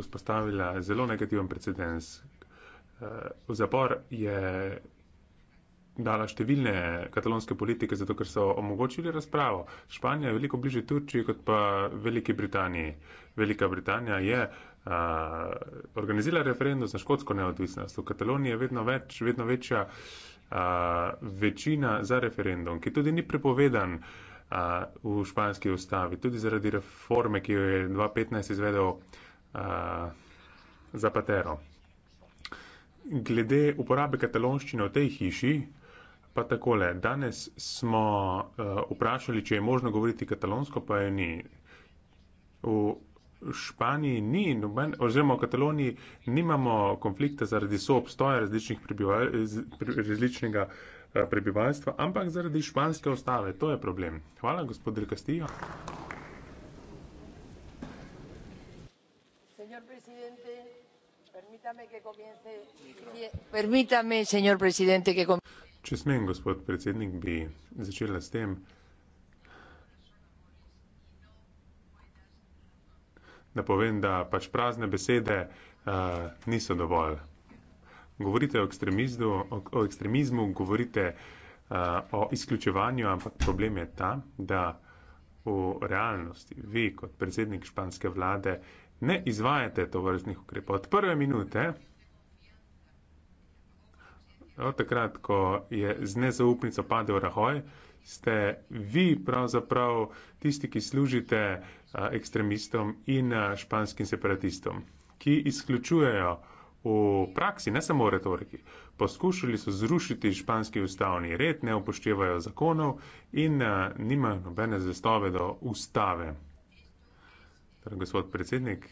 vzpostavila zelo negativen precedens. Eh, v zapor je dala številne katalonske politike, zato ker so omogočili razpravo. Španija je veliko bliže Turčiji kot pa Veliki Britaniji. Velika Britanija je uh, organizirala referendum za škotsko neodvisnost. V Kataloniji je vedno, več, vedno večja uh, večina za referendum, ki tudi ni prepovedan uh, v španski ustavi, tudi zaradi reforme, ki jo je 2015 izvedel uh, zapatero. Glede uporabe katalonščine v tej hiši, pa takole. Danes smo uh, vprašali, če je možno govoriti katalonsko, pa je ni. V Španiji ni, noben, oziroma v Kataloniji nimamo konflikta zaradi soobstoja prebival, različnega uh, prebivalstva, ampak zaradi španske ostave. To je problem. Hvala, gospod Rikastijo. señor presidente. Permítame que comience. Micro. Permítame, señor presidente, que comience. Če smem, gospod predsednik, bi začela s tem, da povem, da pač prazne besede uh, niso dovolj. Govorite o, o ekstremizmu, govorite uh, o izključevanju, ampak problem je ta, da v realnosti vi kot predsednik španske vlade uh, ne izvajate to vrstnih ukrepov. Od prve minute, od takrat, ko je z nezaupnico padel Rahoj, ste vi pravzaprav tisti, ki služite ekstremistom in španskim separatistom, ki izključujejo v praksi, ne samo v retoriki, poskušali so zrušiti španski ustavni red, ne upoštevajo zakonov in nimajo nobene zvestove do ustave. Torej, gospod predsednik,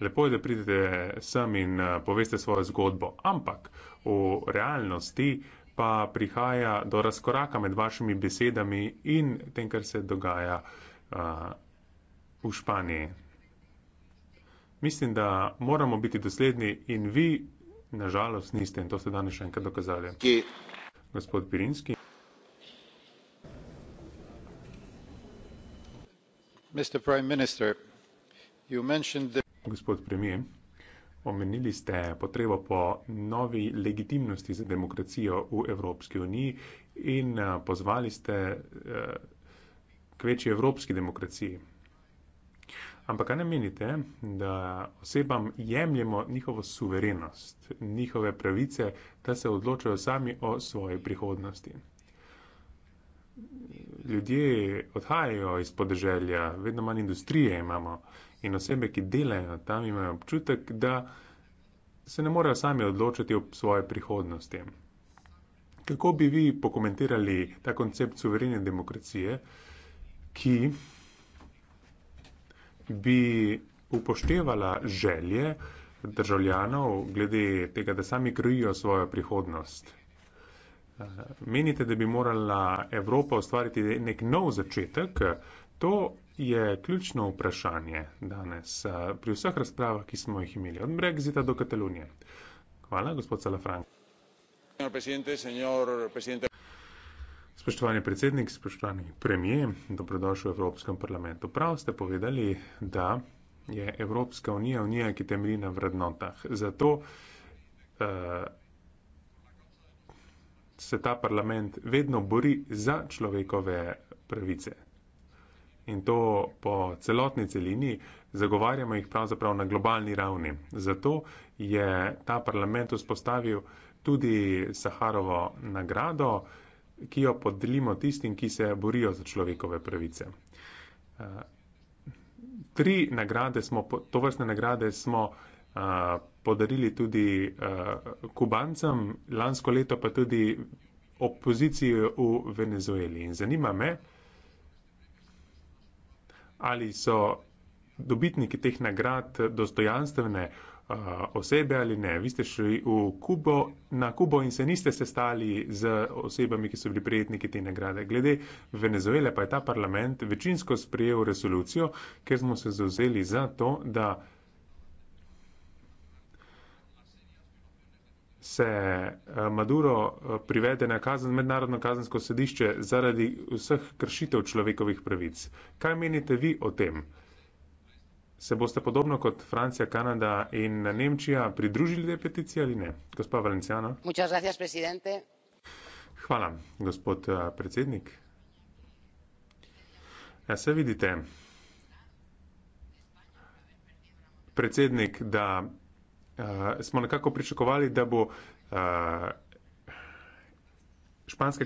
lepo je, da pridete sem in eh, poveste svojo zgodbo, ampak v realnosti pa prihaja do razkoraka med vašimi besedami in tem, kar se dogaja uh, v Španiji. Mislim, da moramo biti dosledni in vi, nažalost, niste in to ste danes še enkrat dokazali. Gospod Pirinski. Gospod premijer, omenili ste potrebo po novi legitimnosti za demokracijo v Evropski uniji in eh, pozvali ste eh, k večji evropski demokraciji. Ampak kaj ne menite, da osebam jemljemo njihovo suverenost, njihove pravice, da se odločajo sami o svoji prihodnosti? ljudje odhajajo iz podeželja, vedno manj industrije imamo in osebe, ki delajo tam, imajo občutek, da se ne morejo sami odločiti o svoje prihodnosti. Kako bi vi pokomentirali ta koncept suverene demokracije, ki bi upoštevala želje državljanov glede tega, da sami krijo svojo prihodnost? Menite, da bi morala Evropa ustvariti nek nov začetek? To je ključno vprašanje danes eh, pri vseh razpravah, ki smo jih imeli od Brexita do Katalonije. Hvala, gospod Salafranc. Spoštovani predsednik, spoštovani premije, dobrodošli v Evropskem parlamentu. Prav ste povedali, da je Evropska unija unija, ki temelji na vrednotah. Zato uh, se ta parlament vedno bori za človekove pravice. In to po celotni celini zagovarjamo jih pravzaprav na globalni ravni. Zato je ta parlament vzpostavil tudi Saharovo nagrado, ki jo podelimo tistim, ki se borijo za človekove pravice. Eh, tri nagrade smo, to vrstne nagrade smo uh, podarili tudi uh, kubancem, lansko leto pa tudi opoziciji v Venezueli. In zanima me, ali so dobitniki teh nagrad dostojanstvene uh, osebe ali ne. Vi ste šli v Kubo, na Kubo in se niste sestali z osebami, ki so bili prijetniki te nagrade. Glede Venezuele pa je ta parlament večinsko sprejel resolucijo, ker smo se zauzeli za to, da se eh, Maduro eh, privede na kazen, mednarodno kazensko sodišče zaradi vseh kršitev človekovih pravic. Kaj menite vi o tem? Se boste podobno kot Francija, Kanada in Nemčija pridružili tej peticiji ali ne? Gospa Valenciano. Hvala, gospod eh, predsednik. Ja, se vidite, predsednik, da uh, smo nekako pričakovali, da bo uh, španska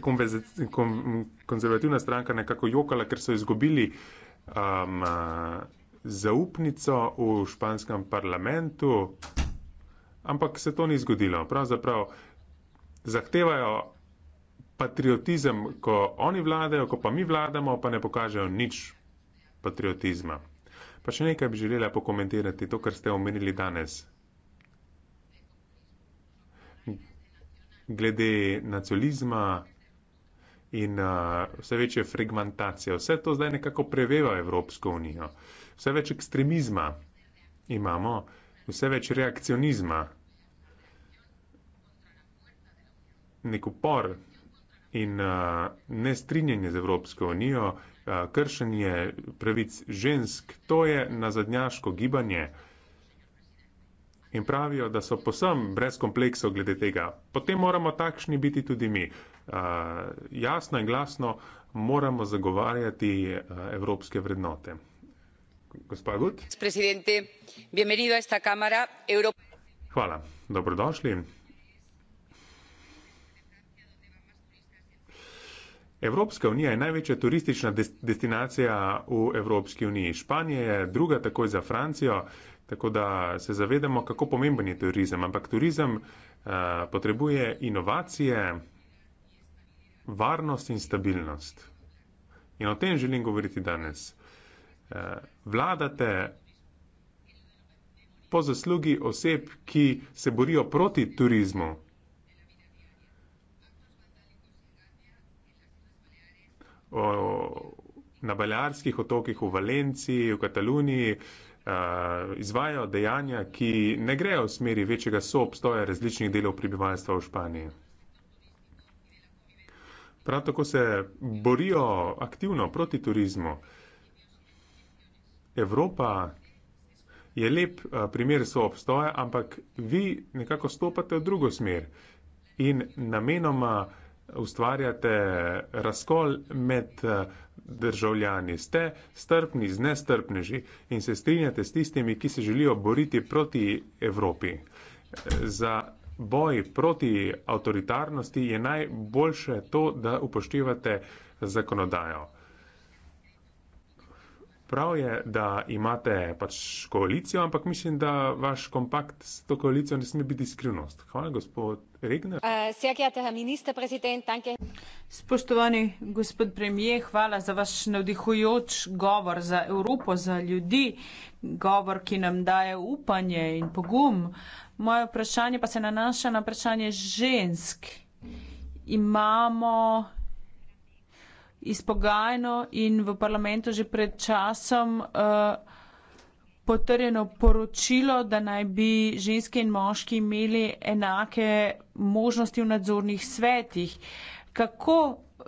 kon konzervativna stranka nekako jokala, ker so izgubili um, uh, zaupnico v španskem parlamentu, ampak se to ni zgodilo. Pravzaprav zahtevajo patriotizem, ko oni vladajo, ko pa mi vladamo, pa ne pokažejo nič patriotizma. Pa še nekaj bi želela pokomentirati, to, kar ste omenili danes. glede nacionalizma in uh, vse večje fragmentacije. Vse to zdaj nekako preveva Evropsko unijo. Vse več ekstremizma imamo, vse več reakcionizma, nek upor in uh, nestrinjenje z Evropsko unijo, uh, kršenje pravic žensk, to je nazadnjaško gibanje in pravijo, da so posem brez kompleksov glede tega. Potem moramo takšni biti tudi mi. Uh, jasno in glasno moramo zagovarjati uh, evropske vrednote. Gospa Gut. Hvala, dobrodošli. Evropska unija je največja turistična destinacija v Evropski uniji. Španija je druga takoj za Francijo, Tako da se zavedamo, kako pomemben je turizem. Ampak turizem uh, potrebuje inovacije, varnost in stabilnost. In o tem želim govoriti danes. Uh, vladate po zaslugi oseb, ki se borijo proti turizmu. O, na Baljarskih otokih, v Valenciji, v Kataluniji. Uh, izvajo dejanja, ki ne grejo v smeri večjega soobstoja različnih delov prebivalstva v Španiji. Prav tako se borijo aktivno proti turizmu. Evropa je lep primer soobstoja, ampak vi nekako stopate v drugo smer in namenoma ustvarjate razkol med eh, državljani. Ste strpni z nestrpneži in se strinjate s tistimi, ki se želijo boriti proti Evropi. Za boj proti avtoritarnosti je najboljše to, da upoštevate zakonodajo. Prav je, da imate pač koalicijo, ampak mislim, da vaš kompakt s to koalicijo ne sme biti skrivnost. Hvala, gospod Regner. Uh, Spoštovani gospod premije, hvala za vaš navdihujoč govor za Evropo, za ljudi, govor, ki nam daje upanje in pogum. Moje vprašanje pa se nanaša na vprašanje žensk. Imamo izpogajano in v parlamentu že pred časom eh, potrjeno poročilo, da naj bi ženske in moški imeli enake možnosti v nadzornih svetih. Kako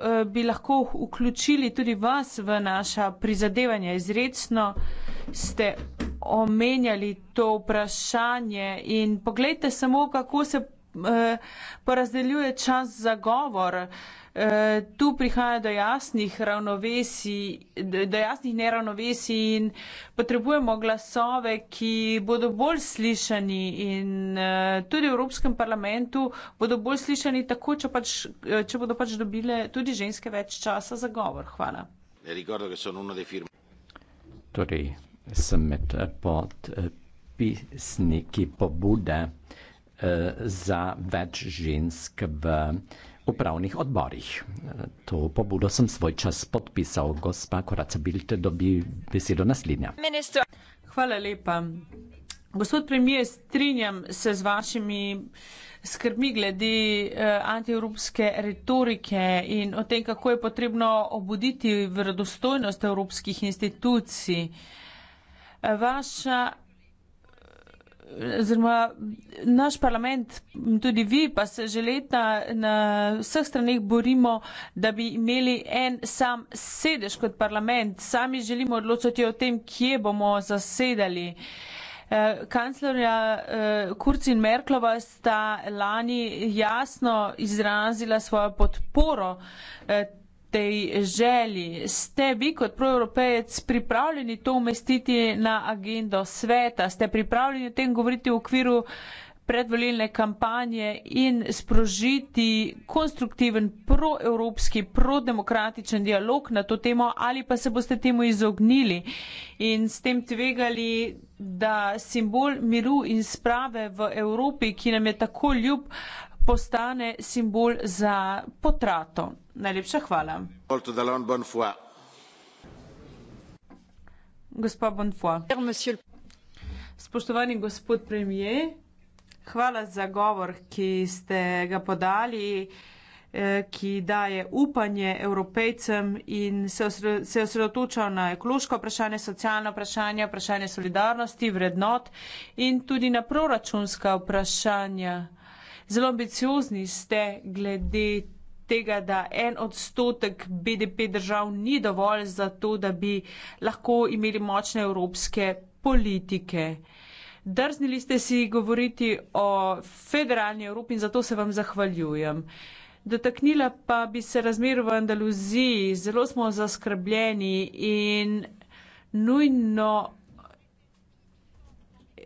eh, bi lahko vključili tudi vas v naša prizadevanja? Izredno ste omenjali to vprašanje in pogledajte samo, kako se eh, porazdeljuje čas za govor. Eh, tu prihaja do jasnih ravnovesij, do jasnih neravnovesij in potrebujemo glasove, ki bodo bolj slišani in eh, tudi v Evropskem parlamentu bodo bolj slišani tako, če, pač, eh, če bodo pač dobile tudi ženske več časa za govor. Hvala. Torej, sem med podpisniki pobude za več žensk v upravnih odborih. To pobudo sem svoj čas podpisal, gospa Koraca Bilte dobi besedo naslednja. Ministro. Hvala lepa. Gospod premijer, strinjam se z vašimi skrbmi glede eh, antievropske retorike in o tem, kako je potrebno obuditi vredostojnost evropskih institucij. Vaša oziroma naš parlament, tudi vi, pa se že leta na vseh stranih borimo, da bi imeli en sam sedež kot parlament. Sami želimo odločati o tem, kje bomo zasedali. Eh, kanclerja eh, Kurc in Merklova sta lani jasno izrazila svojo podporo eh, tej želji. Ste vi kot proevropejec pripravljeni to umestiti na agendo sveta? Ste pripravljeni o tem govoriti v okviru predvolilne kampanje in sprožiti konstruktiven proevropski, prodemokratičen dialog na to temo ali pa se boste temu izognili in s tem tvegali, da simbol miru in sprave v Evropi, ki nam je tako ljub, postane simbol za potrato. Najlepša hvala. Gospa Bonnefoy. Spoštovani gospod premier, hvala za govor, ki ste ga podali, eh, ki daje upanje evropejcem in se osredotoča na ekološko vprašanje, socialno vprašanje, vprašanje solidarnosti, vrednot in tudi na proračunska vprašanja. Zelo ambiciozni ste glede tega, da en odstotek BDP držav ni dovolj za to, da bi lahko imeli močne evropske politike. Drznili ste si govoriti o federalni Evropi in zato se vam zahvaljujem. Dotaknila pa bi se razmer v Andaluziji. Zelo smo zaskrbljeni in nujno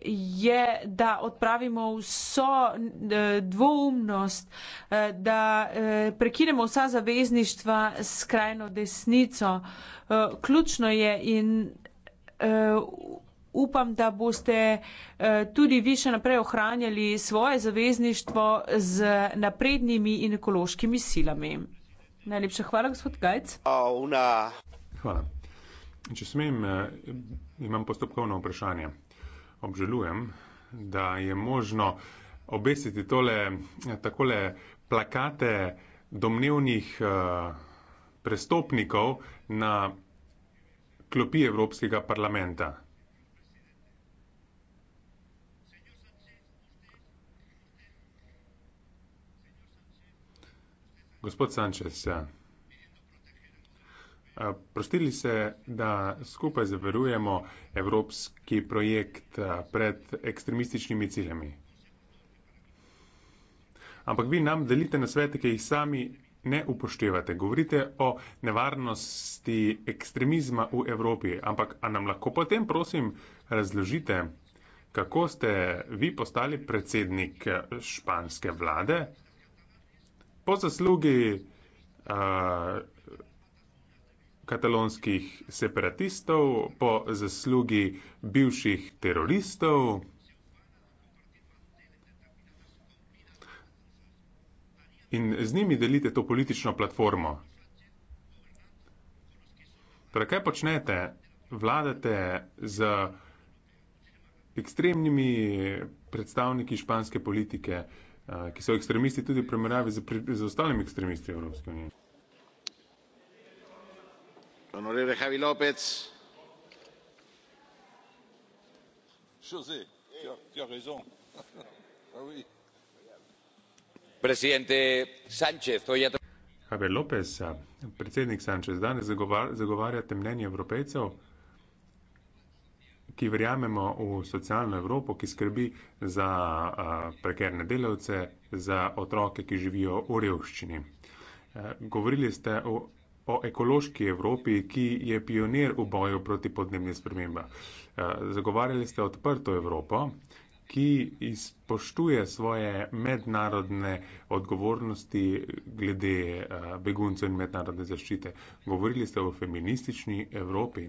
je, da odpravimo vso eh, dvoumnost, eh, da eh, prekinemo vsa zavezništva s krajno desnico. Ključno je in upam, da boste tudi vi še naprej ohranjali svoje zavezništvo z naprednimi in ekološkimi silami. Najlepša hvala, gospod Gajc. Hvala. Če smem, imam postopkovno vprašanje obžalujem, da je možno obesiti tole, takole plakate domnevnih uh, prestopnikov na klopi Evropskega parlamenta. Gospod Sanchez, ja. Eh, prostili se, da skupaj zavarujemo evropski projekt eh, pred ekstremističnimi ciljami. Ampak vi nam delite na svete, ki jih sami ne upoštevate. Govorite o nevarnosti ekstremizma v Evropi. Ampak nam lahko potem, prosim, razložite, kako ste vi postali predsednik eh, španske vlade po zaslugi uh, katalonskih separatistov, po zaslugi bivših teroristov. In z njimi delite to politično platformo. Torej, kaj počnete? Vladate z ekstremnimi predstavniki španske politike, eh, ki so ekstremisti tudi v primerjavi z, z ostalimi ekstremisti Evropske unije señor ah, presidente javier lópez ja. predsednik sánchez danes zagovarjate mnenje evropejcev ki verjamemo v socialno evropo ki skrbi za prekarne delavce za otroke ki živijo v revščini eh, govorili ste o o ekološki Evropi, ki je pionir v boju proti podnebnim spremembam. Eh, zagovarjali ste odprto Evropo, ki izpoštuje svoje mednarodne odgovornosti glede eh, beguncev in mednarodne zaščite. Govorili ste o feministični Evropi.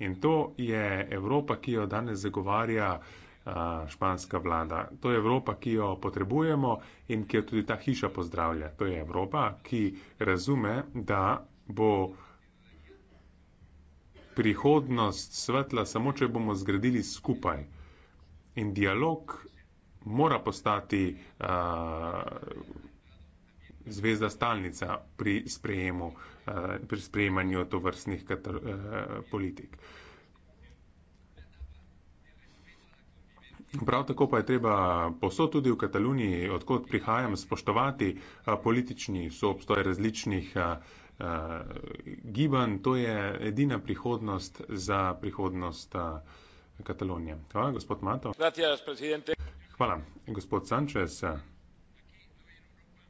In to je Evropa, ki jo danes zagovarja eh, španska vlada. To je Evropa, ki jo potrebujemo in ki jo tudi ta hiša pozdravlja. To je Evropa, ki razume, da bo prihodnost svetla, samo če bomo zgradili skupaj. In dialog mora postati a, zvezda stalnica pri, sprejemu, a, pri sprejemanju tovrstnih katar, a, politik. Prav tako pa je treba posod tudi v Kataluniji, odkot prihajam, spoštovati a, politični soobstoj različnih a, uh, eh, gibanj, to je edina prihodnost za prihodnost uh, Katalonije. Hvala, gospod Mato. Gracias, Hvala, gospod Sančes. Eh,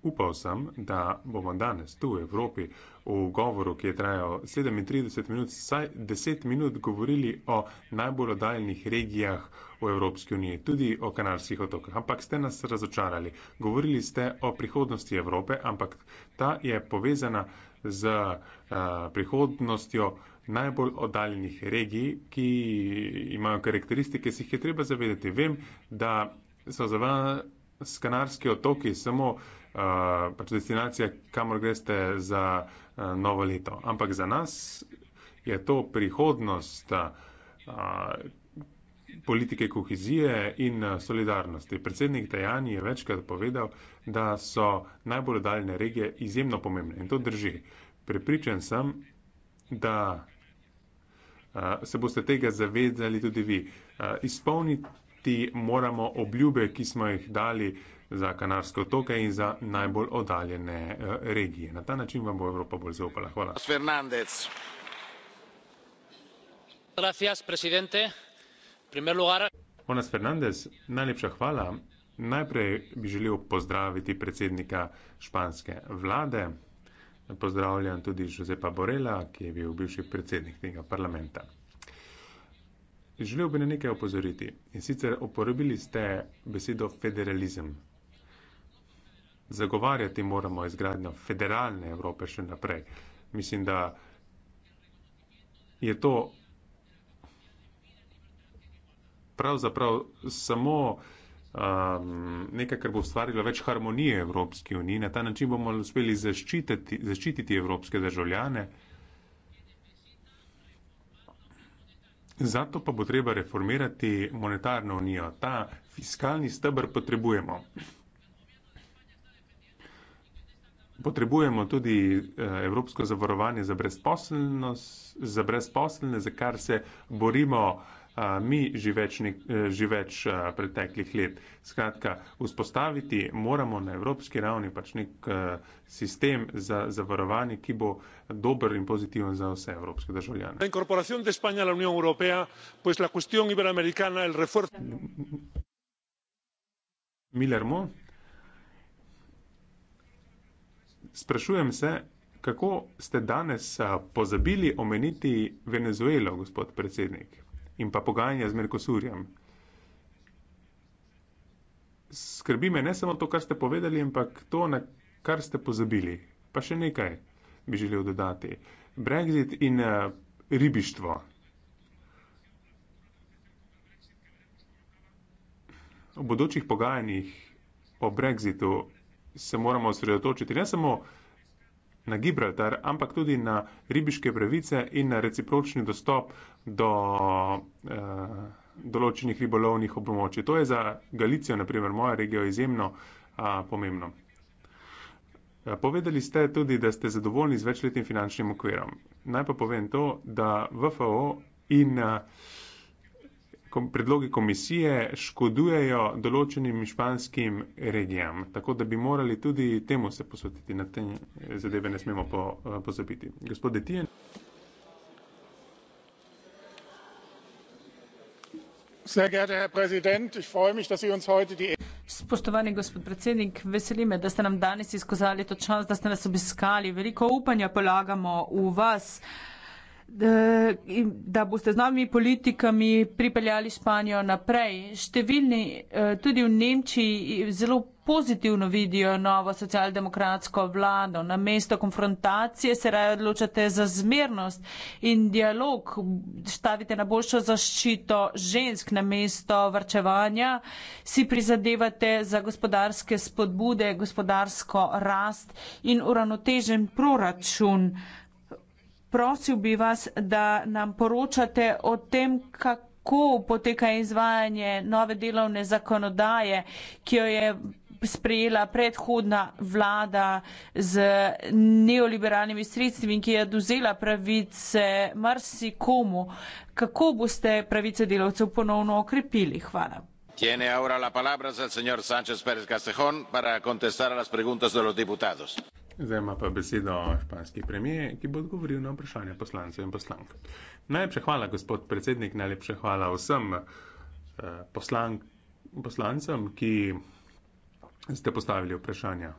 upal sem, da bomo danes tu v Evropi v govoru, ki je trajal 37 minut, saj 10 minut govorili o najbolj oddaljnih regijah v Evropski uniji, tudi o kanalskih otokah. Ampak ste nas razočarali. Govorili ste o prihodnosti Evrope, ampak ta je povezana z a, eh, prihodnostjo najbolj oddaljenih regij, ki imajo karakteristike, si jih je treba zavedati. Vem, da so za vas kanarski otoki samo a, eh, pač destinacija, kamor greste za a, eh, novo leto. Ampak za nas je to prihodnost. A, a, politike kohezije in eh, solidarnosti. Predsednik Tajani je večkrat povedal, da so najbolj daljne regije izjemno pomembne in to drži. Prepričan sem, da eh, se boste tega zavedali tudi vi. Eh, izpolniti moramo obljube, ki smo jih dali za Kanarske otoke in za najbolj oddaljene regije. Na ta način vam bo Evropa bolj zaupala. Hvala. Gospod Fernandez. Hvala, predsednik primer lugar. Jonas Fernandez, najlepša hvala. Najprej bi želel pozdraviti predsednika španske vlade. Pozdravljam tudi Josepa Borela, ki je bil bivši predsednik tega parlamenta. Želel bi na nekaj opozoriti in sicer uporabili ste besedo federalizem. Zagovarjati moramo izgradnjo federalne Evrope še naprej. Mislim, da je to pravzaprav samo um, nekaj, kar bo ustvarilo več harmonije v Evropski uniji. Na ta način bomo uspeli zaščititi, zaščititi evropske državljane. Zato pa bo treba reformirati monetarno unijo. Ta fiskalni stebr potrebujemo. Potrebujemo tudi eh, evropsko zavarovanje za brezposelnost, za brezposelne, za kar se borimo mi že več, ne, e, že več e, preteklih let. Skratka, vzpostaviti moramo na evropski ravni pač nek e, sistem za zavarovanje, ki bo dober in pozitiven za vse evropske državljane. Milermo, sprašujem se, kako ste danes pozabili omeniti Venezuelo, gospod predsednik? in pa pogajanja z Merkosurjem. Skrbi me ne samo to, kar ste povedali, ampak to, na kar ste pozabili. Pa še nekaj bi želel dodati. Brexit in uh, ribištvo. V bodočih pogajanjih o Brexitu se moramo osredotočiti ne samo na na Gibraltar, ampak tudi na ribiške pravice in na recipročni dostop do eh, določenih ribolovnih območij. To je za Galicijo, naprimer moja regija, izjemno eh, pomembno. Povedali ste tudi, da ste zadovoljni z večletnim finančnim okvirom. Naj pa povem to, da VFO in eh, kom, predlogi komisije škodujejo določenim španskim regijam. Tako da bi morali tudi temu se posvetiti, na te zadeve ne smemo po, pozabiti. Gospod Detijen. Spoštovani gospod predsednik, veseli me, da ste nam danes izkazali to čas, da ste nas obiskali. Veliko upanja polagamo v vas. Uh, da boste z novimi politikami pripeljali Španijo naprej. Številni eh, tudi v Nemčiji zelo pozitivno vidijo novo socialdemokratsko vlado. Na mesto konfrontacije se raje odločate za zmernost in dialog, stavite na boljšo zaščito žensk na mesto vrčevanja, si prizadevate za gospodarske spodbude, gospodarsko rast in uravnotežen proračun prosil bi vas, da nam poročate o tem, kako poteka izvajanje nove delovne zakonodaje, ki jo je sprejela predhodna vlada z neoliberalnimi sredstvi in ki je dozela pravice marsikomu. Kako boste pravice delovcev ponovno okrepili? Hvala. Tiene ahora la palabra el señor Sánchez Pérez Castejón para contestar a las preguntas de los diputados. Zdaj ima pa besedo španski premije, ki bo odgovoril na vprašanje poslancev in poslank. Najlepša hvala, gospod predsednik, najlepša hvala vsem eh, poslank, poslancem, ki ste postavili vprašanja.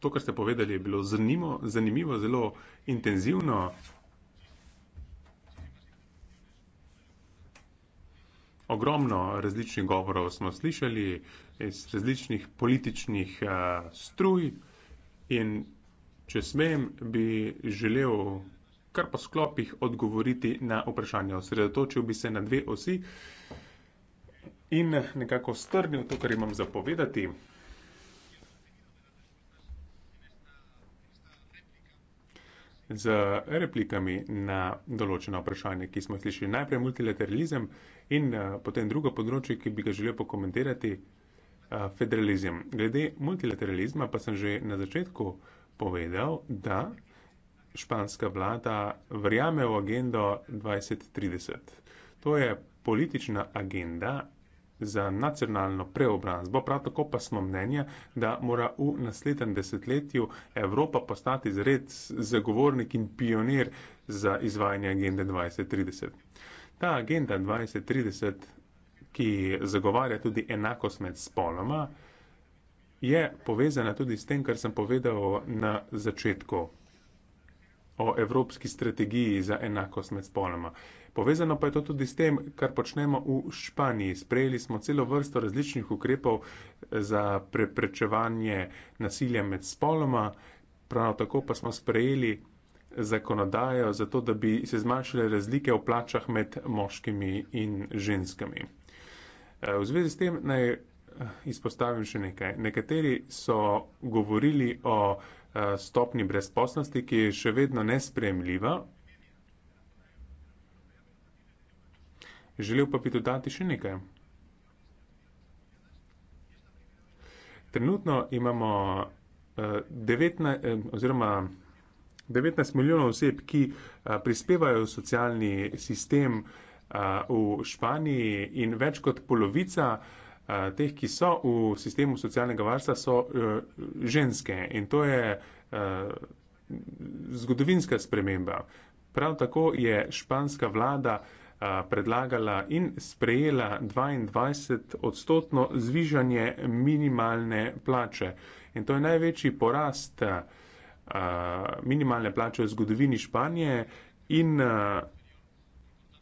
To, kar ste povedali, je bilo zanimivo, zelo intenzivno. ogromno različnih govorov smo slišali iz različnih političnih uh, struj in če smem, bi želel kar po sklopih odgovoriti na vprašanje. Osredotočil bi se na dve osi in nekako strnil to, kar imam zapovedati. z replikami na določena vprašanja, ki smo slišali. Najprej multilateralizem in eh, potem drugo področje, ki bi ga želel pokomentirati, eh, federalizem. Glede multilateralizma pa sem že na začetku povedal, da španska vlada verjame v agendo 2030. To je politična agenda za nacionalno preobrazbo, prav tako pa smo mnenja, da mora v naslednjem desetletju Evropa postati zred zagovornik in pionir za izvajanje agende 2030. Ta agenda 2030, ki zagovarja tudi enakost med spoloma, je povezana tudi s tem, kar sem povedal na začetku o evropski strategiji za enakost med spoloma. Povezano pa je to tudi s tem, kar počnemo v Španiji. Sprejeli smo celo vrsto različnih ukrepov eh, za preprečevanje nasilja med spoloma, prav tako pa smo sprejeli zakonodajo za to, da bi se zmanjšale razlike v plačah med moškimi in ženskami. Eh, v zvezi s tem naj eh, izpostavim še nekaj. Nekateri so govorili o stopni brezposlosti, ki je še vedno nespremljiva Želel pa bi dodati še nekaj. Trenutno imamo 19, eh, 19 eh, milijonov oseb, ki eh, prispevajo v socialni sistem v Španiji in več kot polovica teh, ki so v sistemu socialnega varstva, so ženske. In to je zgodovinska sprememba. Prav tako je španska vlada predlagala in sprejela 22-odstotno zvižanje minimalne plače. In to je največji porast minimalne plače v zgodovini Španije in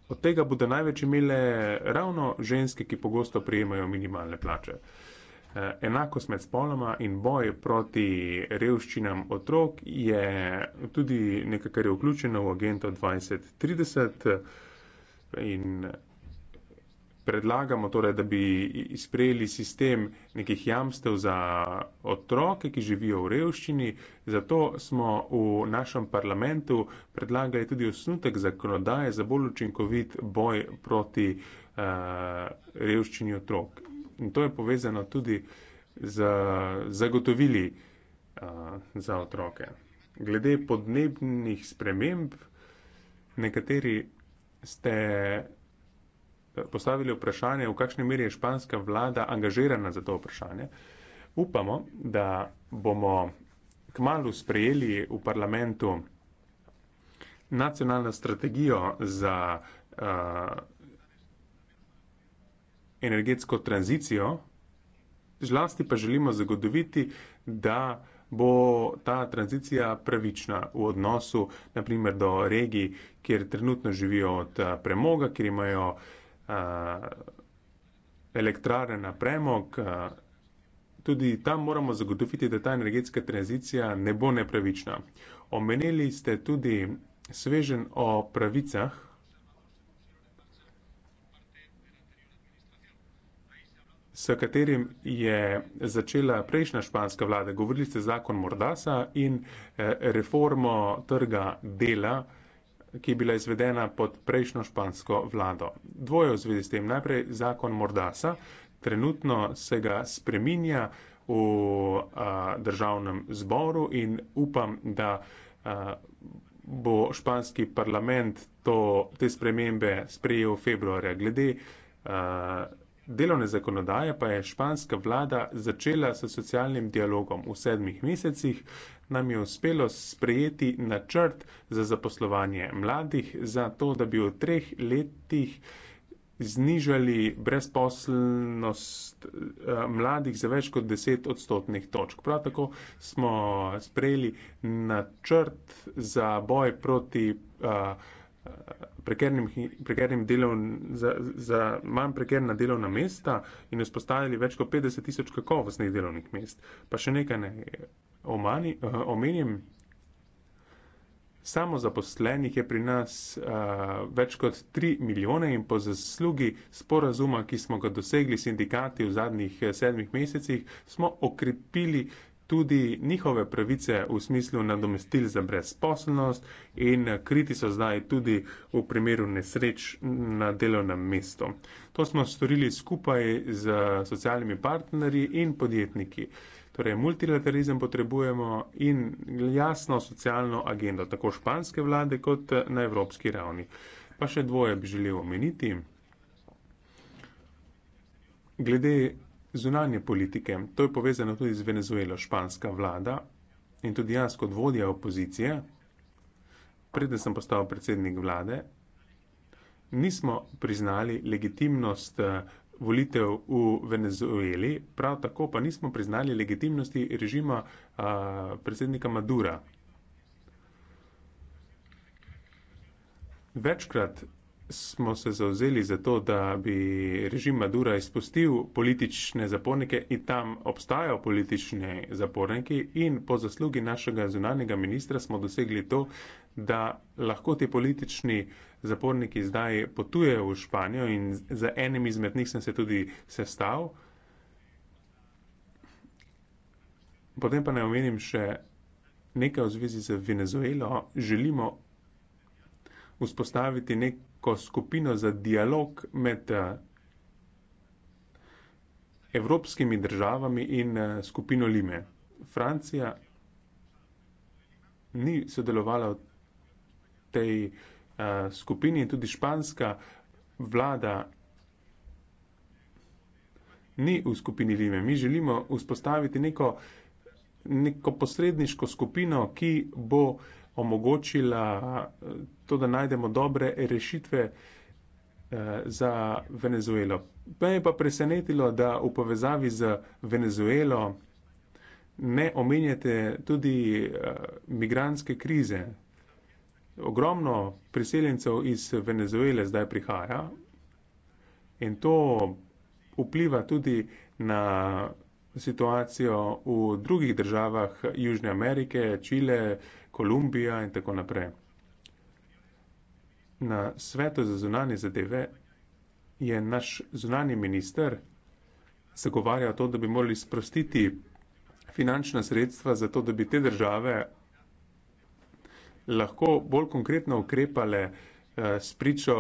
od tega bodo največ imele ravno ženske, ki pogosto prejemajo minimalne plače. Enakost med spoloma in boj proti revščinam otrok je tudi nekaj, kar je vključeno v agento 2030 in predlagamo torej, da bi sprejeli sistem nekih jamstev za otroke, ki živijo v revščini. Zato smo v našem parlamentu predlagali tudi osnutek zakonodaje za bolj učinkovit boj proti uh, revščini otrok. In to je povezano tudi z zagotovili uh, za otroke. Glede podnebnih sprememb, nekateri ste eh, postavili vprašanje, v kakšni meri je španska vlada angažirana za to vprašanje. Upamo, da bomo kmalo sprejeli v parlamentu nacionalno strategijo za uh, energetsko tranzicijo, zlasti pa želimo zagotoviti, da uh, bo ta tranzicija pravična v odnosu, naprimer, do regij, kjer trenutno živijo od premoga, kjer imajo elektrare na premog. Tudi tam moramo zagotoviti, da ta energetska tranzicija ne bo nepravična. Omenili ste tudi svežen o pravicah s katerim je začela prejšnja španska vlada. Govorili ste zakon Mordasa in eh, reformo trga dela, ki je bila izvedena pod prejšnjo špansko vlado. Dvoje v zvezi s tem. Najprej zakon Mordasa. Trenutno se ga spreminja v a, eh, državnem zboru in upam, da a, eh, bo španski parlament to, te spremembe sprejel v februarja. Glede a, delovne zakonodaje pa je španska vlada začela s socialnim dialogom. V sedmih mesecih nam je uspelo sprejeti načrt za zaposlovanje mladih, za to, da bi v treh letih znižali brezposelnost eh, mladih za več kot 10 odstotnih točk. Prav tako smo sprejeli načrt za boj proti. Uh, prekernim, prekernim delov, za, za manj prekerna delovna mesta in vzpostavili več kot 50 tisoč kakovostnih delovnih mest. Pa še nekaj ne omani, uh, omenim. Samo zaposlenih je pri nas uh, več kot 3 milijone in po zaslugi sporazuma, ki smo ga dosegli sindikati v zadnjih eh, sedmih mesecih, smo okrepili tudi njihove pravice v smislu nadomestil za brezposelnost in kriti so zdaj tudi v primeru nesreč na delovnem mestu. To smo storili skupaj z socialnimi partnerji in podjetniki. Torej, multilaterizem potrebujemo in jasno socialno agendo, tako španske vlade kot na evropski ravni. Pa še dvoje bi želel omeniti. Glede zunanje politike, to je povezano tudi z Venezuelo, španska vlada in tudi jaz kot vodja opozicije, preden sem postal predsednik vlade, nismo priznali legitimnost eh, volitev v Venezueli, prav tako pa nismo priznali legitimnosti režima a, eh, predsednika Madura. Večkrat smo se zauzeli za to, da bi režim Madura izpustil politične zapornike in tam obstajajo politični zaporniki in po zaslugi našega zunanjega ministra smo dosegli to, da lahko ti politični zaporniki zdaj potujejo v Španijo in za enim izmed njih sem se tudi sestal. Potem pa naj omenim še nekaj v zvezi z Venezuelo. Želimo vzpostaviti nek ko skupino za dialog med eh, evropskimi državami in eh, skupino Lime. Francija ni sodelovala v tej eh, skupini in tudi španska vlada ni v skupini Lime. Mi želimo vzpostaviti neko, neko posredniško skupino, ki bo uh, omogočila eh, to, da najdemo dobre rešitve eh, za Venezuelo. Me je pa presenetilo, da v povezavi z Venezuelo ne omenjate tudi eh, migranske krize. Ogromno priseljencev iz Venezuele zdaj prihaja in to vpliva tudi na situacijo v drugih državah Južne Amerike, Čile, eh, Kolumbija in tako naprej. Na svetu za zunanje zadeve je naš zunanji minister zagovarjal to, da bi morali sprostiti finančna sredstva za to, da bi te države lahko bolj konkretno ukrepale eh, s pričo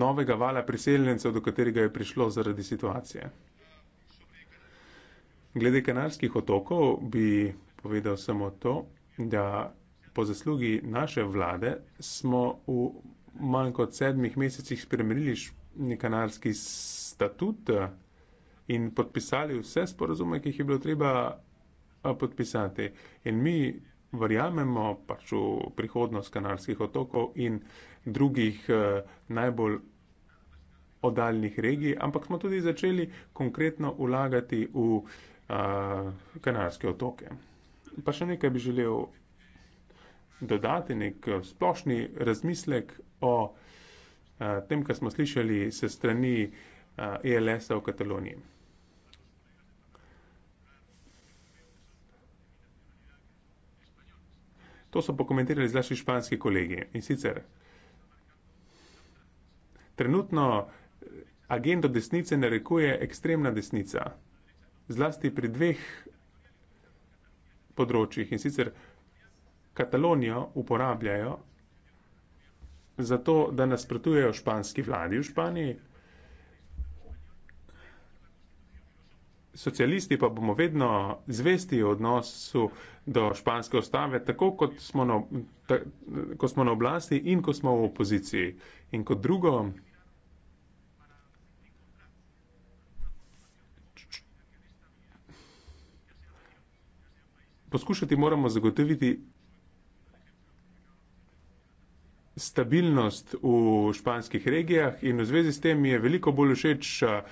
novega vala priseljencev, do katerega je prišlo zaradi situacije. Glede kanarskih otokov bi povedal samo to, da po zaslugi naše vlade smo v manj kot sedmih mesecih spremenili kanadski statut eh, in podpisali vse sporozume, ki jih je bilo treba eh, podpisati. In mi verjamemo pač v prihodnost kanadskih otokov in drugih eh, najbolj oddaljnih regij, ampak smo tudi začeli konkretno vlagati v a, kanarske otoke pa še nekaj bi želel dodati, nek eh, splošni razmislek o uh, tem, kar smo slišali se strani uh, eh, ELS-a v Kataloniji. To so pokomentirali zlasti španski kolegi in sicer trenutno agendo desnice narekuje ekstremna desnica, zlasti pri dveh področjih. In sicer Katalonijo uporabljajo za to, da nasprotujejo španski vladi v Španiji. Socialisti pa bomo vedno zvesti v odnosu do španske ostave, tako kot smo na, ta, ko smo na oblasti in ko smo v opoziciji. In kot drugo, poskušati moramo zagotoviti stabilnost v španskih regijah in v zvezi s tem je veliko bolj všeč eh,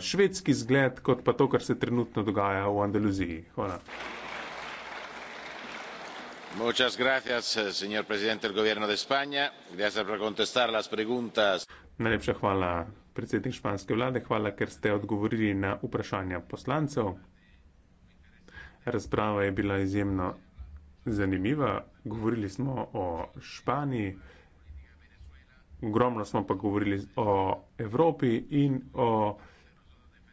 švedski zgled, kot pa to, kar se trenutno dogaja v Andaluziji. Hvala. Muchas gracias, eh, señor presidente del gobierno de España. Gracias por contestar las preguntas. Najlepša hvala, predsednik španske vlade. Hvala, ker ste odgovorili na vprašanja poslancev. Razprava je bila izjemno zanimiva. Govorili smo o Španiji, ogromno smo pa govorili o Evropi in o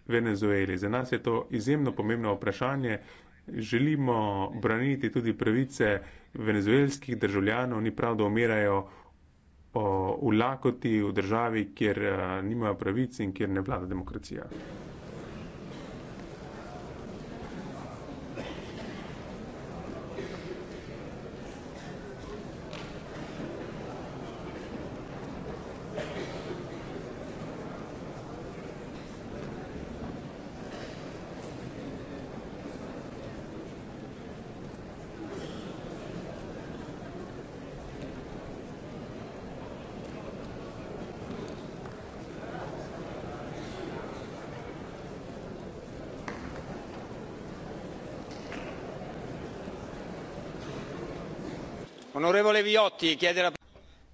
Venezueli. Za nas je to izjemno pomembno vprašanje. Želimo braniti tudi pravice venezuelskih državljanov, ni prav, da umirajo v lakoti v državi, kjer eh, nimajo pravic in kjer ne vlada demokracija.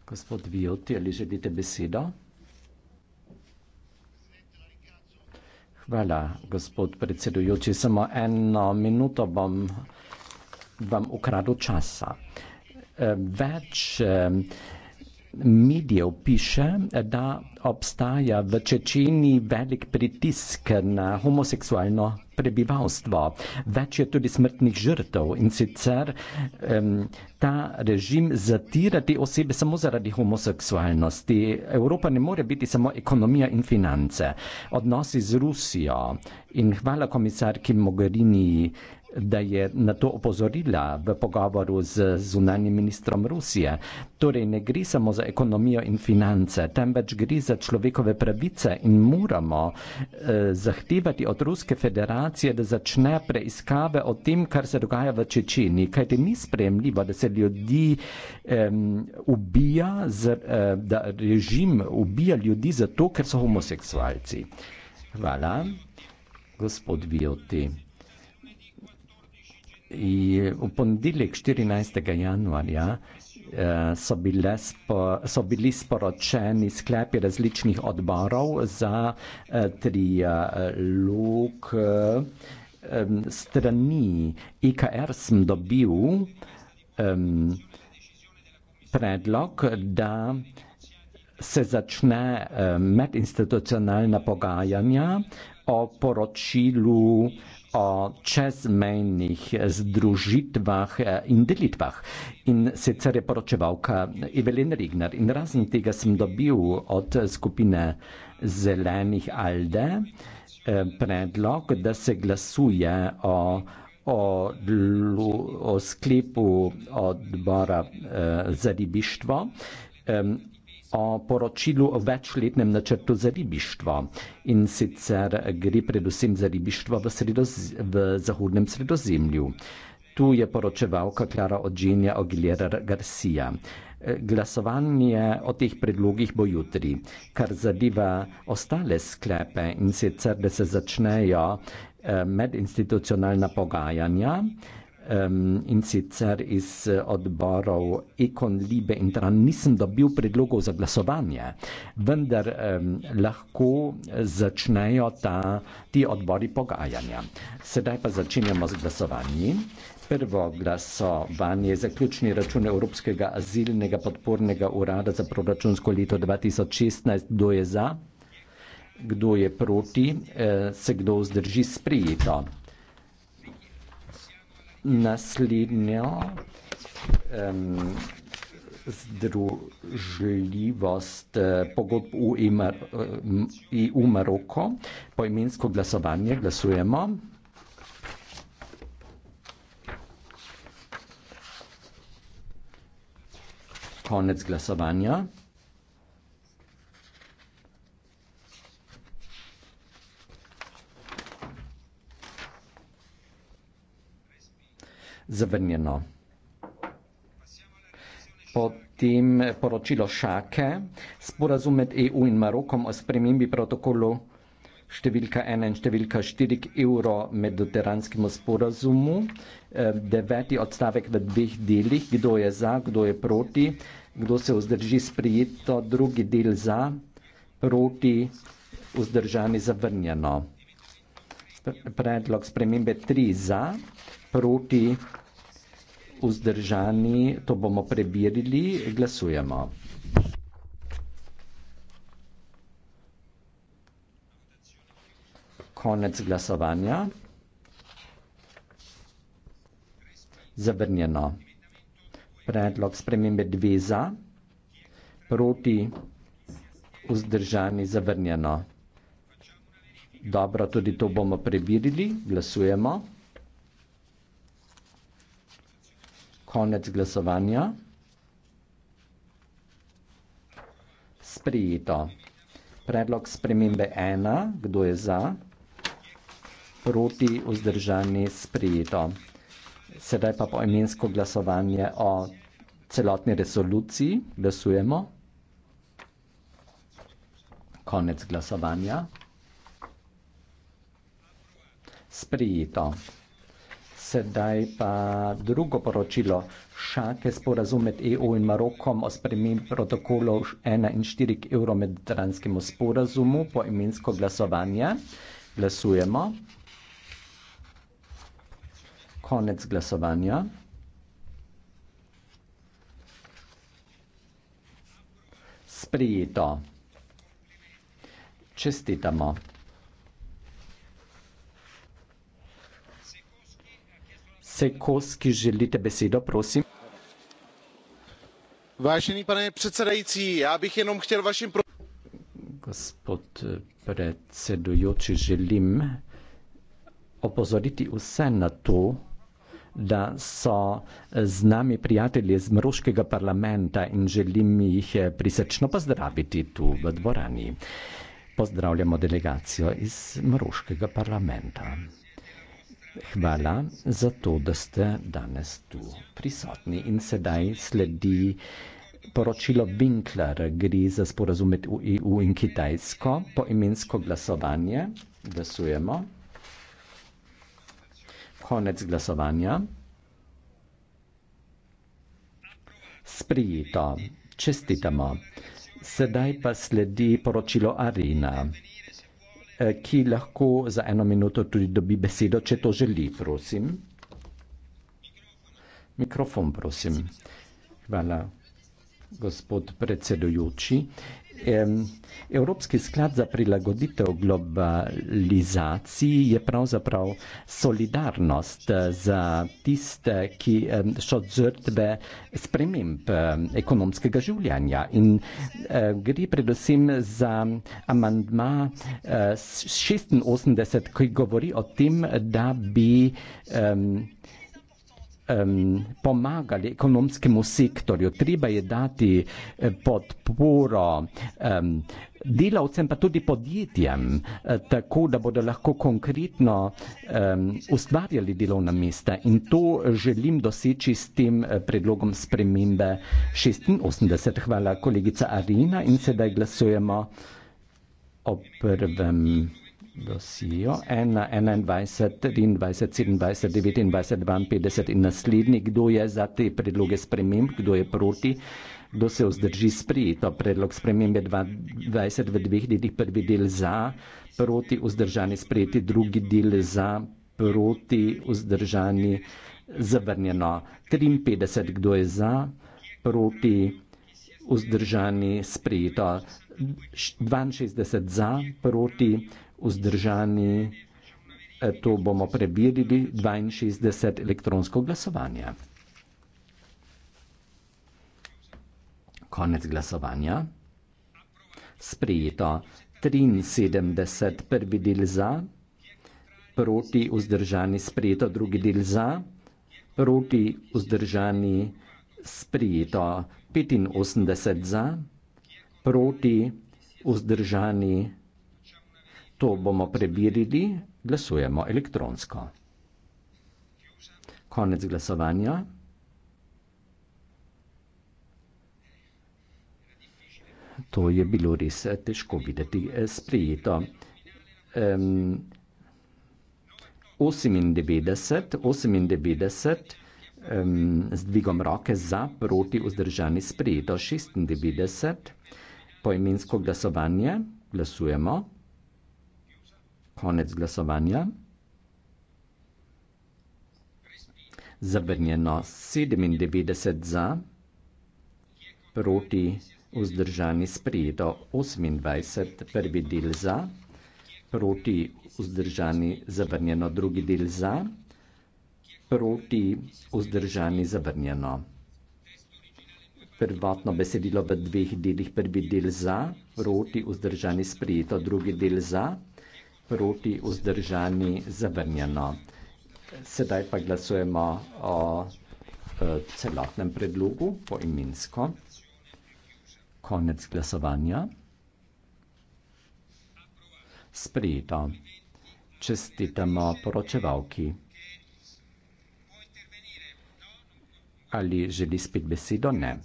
Gospod Vioti, ali želite besedo? Hvala, gospod predsedujoči. Samo eno minuto bom vam ukradel časa. Več eh, medijev piše, da obstaja v Čečeni velik pritisk na homoseksualno prebivalstvo. Več je tudi smrtnih žrtev in sicer um, ta režim zatira te osebe samo zaradi homoseksualnosti. Evropa ne more biti samo ekonomija in finance. Odnosi z Rusijo in hvala komisarki Mogherini da je na to opozorila v pogovoru z zunanjim ministrom Rusije. Torej ne gre samo za ekonomijo in finance, temveč gre za človekove pravice in moramo eh, zahtevati od Ruske federacije, da začne preiskave o tem, kar se dogaja v Čečini, kajti ni sprejemljivo, da se ljudi eh, ubija, z, eh, da režim ubija ljudi zato, ker so homoseksualci. Hvala, gospod Vioti je v ponedeljek 14. januarja eh, so, bile spo, so bili sporočeni sklepi različnih odborov za eh, trialog eh, strani IKR sem dobil um, predlog, da se začne medinstitucionalna pogajanja o poročilu uh, o čezmejnih združitvah eh, in delitvah. In sicer je poročevalka Evelin Rignar. In razen tega sem dobil od skupine zelenih Alde eh, predlog, da se glasuje o, o, o sklepu odbora eh, za ribištvo o poročilu o večletnem načrtu za ribištvo in sicer gre predvsem za ribištvo v, sredoz, v zahodnem sredozemlju. Tu je poročevalka Klara Odženja Aguilera Garcia. Glasovanje o teh predlogih bo jutri, kar zadeva ostale sklepe in sicer, da se začnejo eh, medinstitucionalna pogajanja. Um, in sicer iz eh, odborov Ekon, Libe in Tran nisem dobil predlogov za glasovanje, vendar um, lahko začnejo ta, ti odbori pogajanja. Sedaj pa začenjamo z glasovanji. Prvo glasovanje je zaključni račun Evropskega azilnega podpornega urada za proračunsko leto 2016. Kdo je za? Kdo je proti? Eh, se kdo vzdrži sprijeto? naslednjo um, združljivost eh, pogodb v EU eh, e Maroko. Po imensko glasovanje glasujemo. Konec glasovanja. zavrnjeno. Potem poročilo Šake, sporazum med EU in Marokom o spremembi protokolu številka 1 in številka 4 k euro-mediteranskemu sporazumu. Eh, deveti odstavek v dveh delih, kdo je za, kdo je proti, kdo se vzdrži sprijeto, drugi del za, proti, vzdržani zavrnjeno. Predlog spremembe 3 za, proti, vzdržani zavrnjeno vzdržani, to bomo prebirali, glasujemo. Konec glasovanja. Zavrnjeno. Predlog spremembe dve za, proti vzdržani zavrnjeno. Dobro, tudi to bomo prebirali, glasujemo. konec glasovanja. Sprijeto. Predlog spremembe ena, kdo je za, proti vzdržani sprijeto. Sedaj pa poemensko glasovanje o celotni resoluciji. Glasujemo. Konec glasovanja. Sprijeto. Sedaj pa drugo poročilo. Šake sporazum med EU in Marokom o spremembi protokolov 1 in 4 k euromediteranskemu sporazumu po imensko glasovanje. Glasujemo. Konec glasovanja. Sprijeto. Čestitamo. Sekulski, želite besedo, prosim. Vážený pane predsedajúci, ja bych jenom chtěl vašim... Pro... Gospod eh, predsedujúci, želím opozoriti vse na to, da so eh, z nami prijatelji iz Mruškega parlamenta in želim jih eh, prisrčno pozdraviti tu v dvorani. Pozdravljamo delegacijo iz Mruškega parlamenta. Hvala za to, da ste danes tu prisotni. In sedaj sledi poročilo Winkler, gre za sporazum med EU in Kitajsko, poimensko glasovanje. Glasujemo. Konec glasovanja. Sprijeto. Čestitamo. Sedaj pa sledi poročilo Arena. Eh, ki lahko za eno minuto tudi dobi besedo, če to želi, prosim. Mikrofon, prosim. Hvala, gospod predsedujoči. Uh, Evropski sklad za prilagoditev globalizaciji je pravzaprav solidarnost eh, za tiste, ki so žrtve sprememb ekonomskega življenja. In eh, gre predvsem za amandma 86, eh, ki govori o tem, da bi. Um, um, pomagali ekonomskemu sektorju. Sektorju. Treba je dati eh, podporo um, delavcem, pa tudi podjetjem, eh, tako da bodo lahko konkretno um, ustvarjali delovna mesta. In to želim doseči s tem eh, predlogom spremembe 86. Hvala, kolegica Arina. In sedaj glasujemo o prvem dosijo 1, 21, 23, 27, 29, 52 in naslednji, kdo je za te predloge sprememb, kdo je proti, kdo se vzdrži sprijeto. Predlog sprememb je 20 v dveh delih, prvi del za, proti, vzdržani sprijeti, drugi del za, proti, vzdržani zavrnjeno. 53, kdo je za, proti, vzdržani sprijeto. 62 za, proti, vzdržani sprijeto vzdržani. Eh, to bomo prebirili 62 elektronsko glasovanje. Konec glasovanja. Sprejeto 73 prvi del za, proti vzdržani sprejeto drugi del za, proti vzdržani sprejeto 85 za, proti vzdržani sprejeto to bomo preverili, glasujemo elektronsko. Konec glasovanja. To je bilo res eh, težko videti eh, sprejeto. Um, 98, 98 um, z dvigom roke za, proti, vzdržani, sprejeto 96, poimensko glasovanje, glasujemo konec glasovanja. Zavrnjeno 97 za, proti vzdržani sprejeto 28, prvi del za, proti vzdržani zavrnjeno drugi del za, proti vzdržani zavrnjeno. Prvotno besedilo v dveh delih, prvi del za, proti vzdržani sprejeto, drugi del za, proti vzdržani zavrnjeno. Sedaj pa glasujemo o e, celotnem predlogu po imensko. Konec glasovanja. Sprejeto. Čestitamo poročevalki. Ali želi spet besedo? Ne.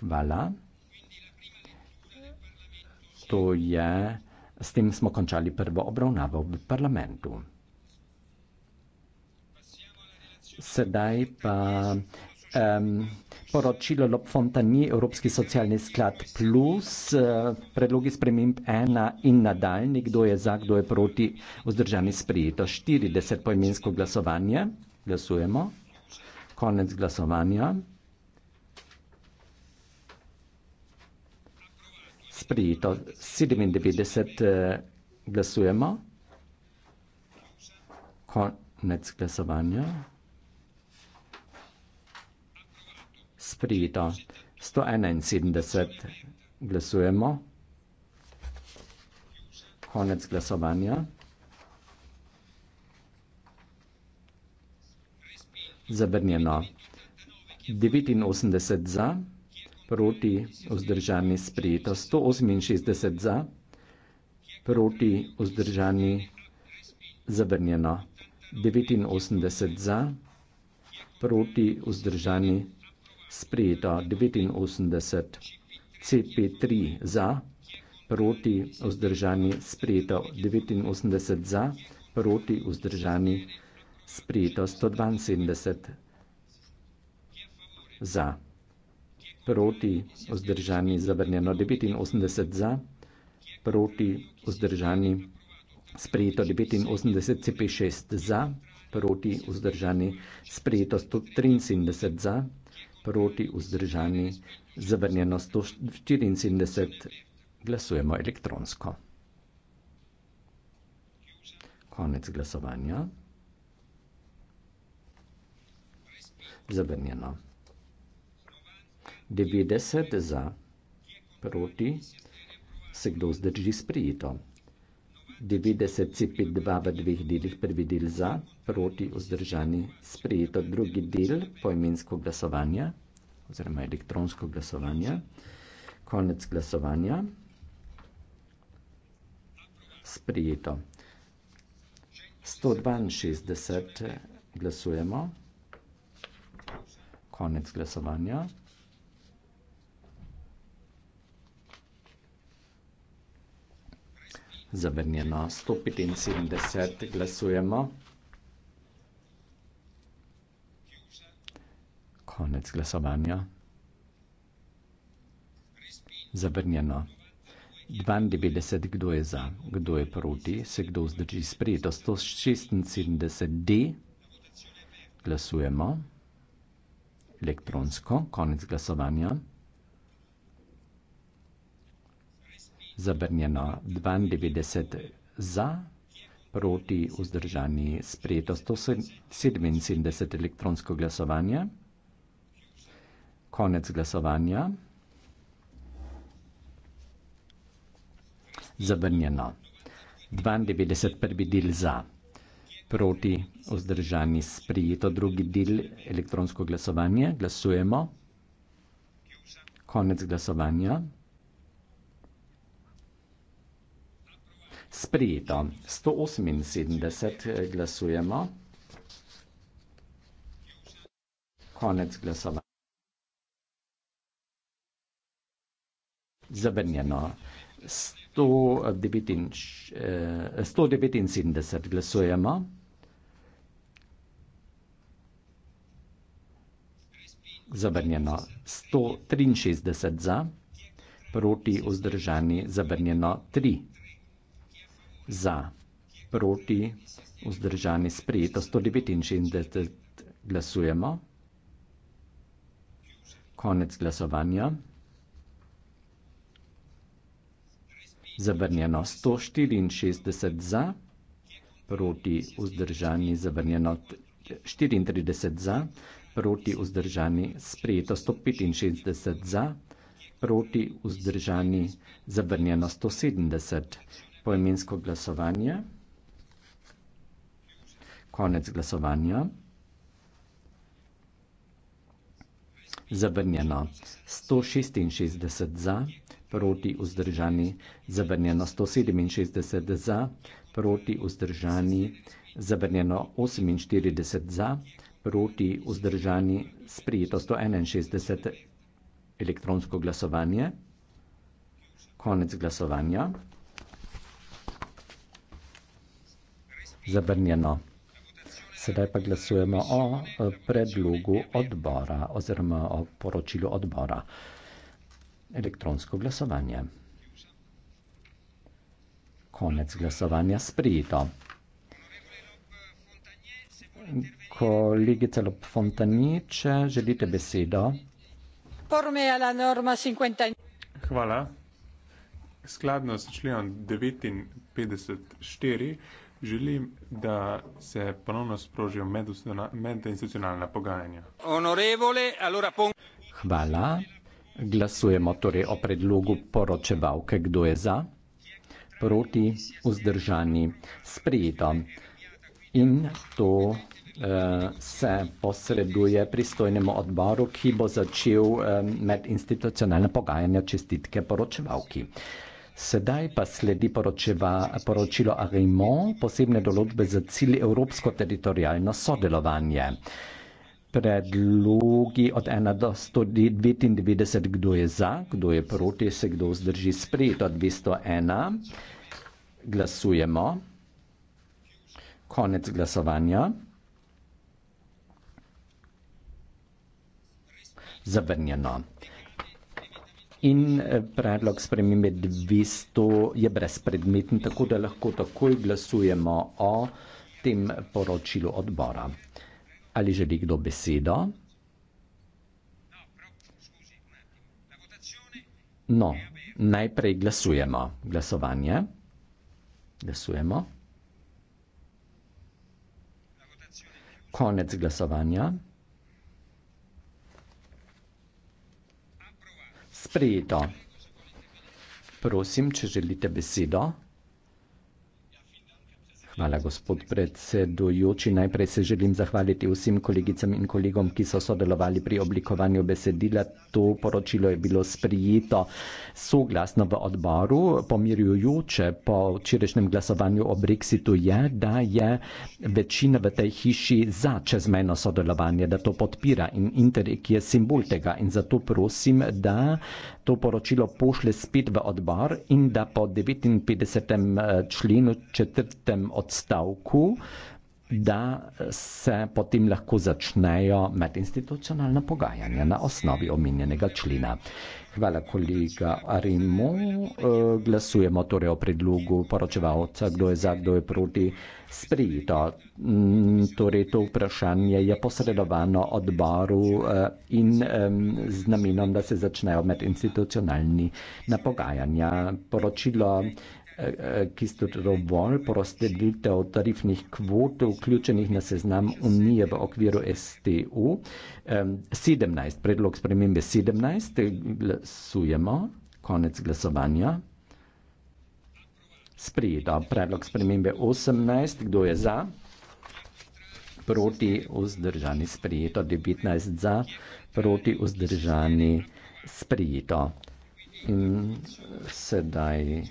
Hvala. To je... S tem smo končali prvo obravnavo v parlamentu. Sedaj pa um, poročilo Lopfontani, Evropski socialni sklad plus, uh, predlogi sprememb ena in nadaljni, kdo je za, kdo je proti, vzdržani sprijeto. 40 poimensko glasovanje. Glasujemo. Konec glasovanja. sprejeto. 97 eh, glasujemo. Konec glasovanja. Sprejeto. 171 glasujemo. Konec glasovanja. Zabrnjeno. 89 za proti, vzdržani, sprejeto 168 za, proti, vzdržani, zabrnjeno 89 za, proti, vzdržani, sprejeto 89, CP3 za, proti, vzdržani, sprejeto 89 za, proti, vzdržani, sprejeto 172 za proti vzdržani zabrnjeno 89 za, proti vzdržani sprejeto 89 CP6 za, proti vzdržani sprejeto 173 za, proti vzdržani zabrnjeno 174 glasujemo elektronsko. Konec glasovanja. Zabrnjeno. 90 za, proti, se kdo zdrži sprijeto. 90 CP2 v dveh delih, prvi del za, proti, vzdržani, sprijeto. Drugi del poimensko glasovanja oziroma elektronsko glasovanje, konec glasovanja, sprijeto. 162 glasujemo, konec glasovanja, sprijeto. zavrnjeno 175 glasujemo. Konec glasovanja. Zavrnjeno. 92, kdo je za, kdo je proti, se kdo vzdrži sprejeto. 176D glasujemo elektronsko. Konec glasovanja. zabrnjeno 92 za, proti vzdržani sprejeto 177 elektronsko glasovanje. Konec glasovanja. Zabrnjeno 92 prvi del za, proti vzdržani sprejeto drugi del elektronsko glasovanje. Glasujemo. Konec glasovanja. sprejeta. 178 eh, glasujemo. Konec glasovanja. Zabrnjeno. 179 glasujemo. Zabrnjeno. 163 za, proti vzdržani zabrnjeno 3 za, proti, vzdržani, sprejeto 169 glasujemo. Konec glasovanja. Zavrnjeno 164 za, proti, vzdržani, zavrnjeno 34 za, proti, vzdržani, sprejeto 165 za, proti, vzdržani, zavrnjeno 170 poimensko glasovanje. Konec glasovanja. Zabrnjeno 166 za, proti vzdržani, zabrnjeno 167 za, proti vzdržani, zabrnjeno 48 za, proti vzdržani, sprijeto 161 elektronsko glasovanje. Konec glasovanja. zavrnjeno. Sedaj pa glasujemo o predlogu odbora oziroma o poročilu odbora. Elektronsko glasovanje. Konec glasovanja sprijeto. Kolegica Lopfontanje, če želite besedo. Hvala. Skladno s členom 59.4 želim, da se ponovno sprožijo medinstitucionalna pogajanja. Hvala. Glasujemo torej o predlogu poročevalke, kdo je za, proti, vzdržani, sprejeto. In to eh, se posreduje pristojnemu odboru, ki bo začel eh, medinstitucionalne pogajanja čestitke poročevalki. Sedaj pa sledi poročeva, poročilo Arimont, posebne določbe za cilj evropsko teritorijalno sodelovanje. Predlogi od 1 do 199, kdo je za, kdo je proti, se kdo zdrži sprejeto. 201, glasujemo. Konec glasovanja. Zavrnjeno in eh, predlog spremembe 200 je brezpredmeten, tako da lahko takoj glasujemo o tem poročilu odbora. Ali želi kdo besedo? No, najprej glasujemo. Glasovanje. Glasujemo. Konec glasovanja. sprejeto. Prosim, če želite besedo. Hvala, gospod predsedujoči. Najprej se želim zahvaliti vsem kolegicam in kolegom, ki so sodelovali pri oblikovanju besedila. To poročilo je bilo sprijeto soglasno v odboru. Pomirjujoče po včerajšnjem glasovanju o Brexitu je, da je večina v tej hiši za čezmejno sodelovanje, da to podpira in Interreg je simbol tega. In zato prosim, da to poročilo pošle spet v odbor in da po 59. Eh, členu četrtem odboru odstavku, da se potem lahko začnejo medinstitucionalna pogajanja na osnovi omenjenega člena. Hvala, kolega Arimu. E, glasujemo torej o predlogu poročevalca, kdo je za, kdo je proti. Sprijeto. Mm, torej, to vprašanje je posredovano odboru e, in z namenom, da se začnejo medinstitucionalni napogajanja. Poročilo kistotro bolj prostedelitev tarifnih kvotov, vključenih na seznam unije v okviru STU. 17, predlog spremembe 17, glasujemo, konec glasovanja. Sprejeto, predlog spremembe 18, kdo je za? Proti vzdržani, sprejeto, 19 za, proti vzdržani, sprejeto. In sedaj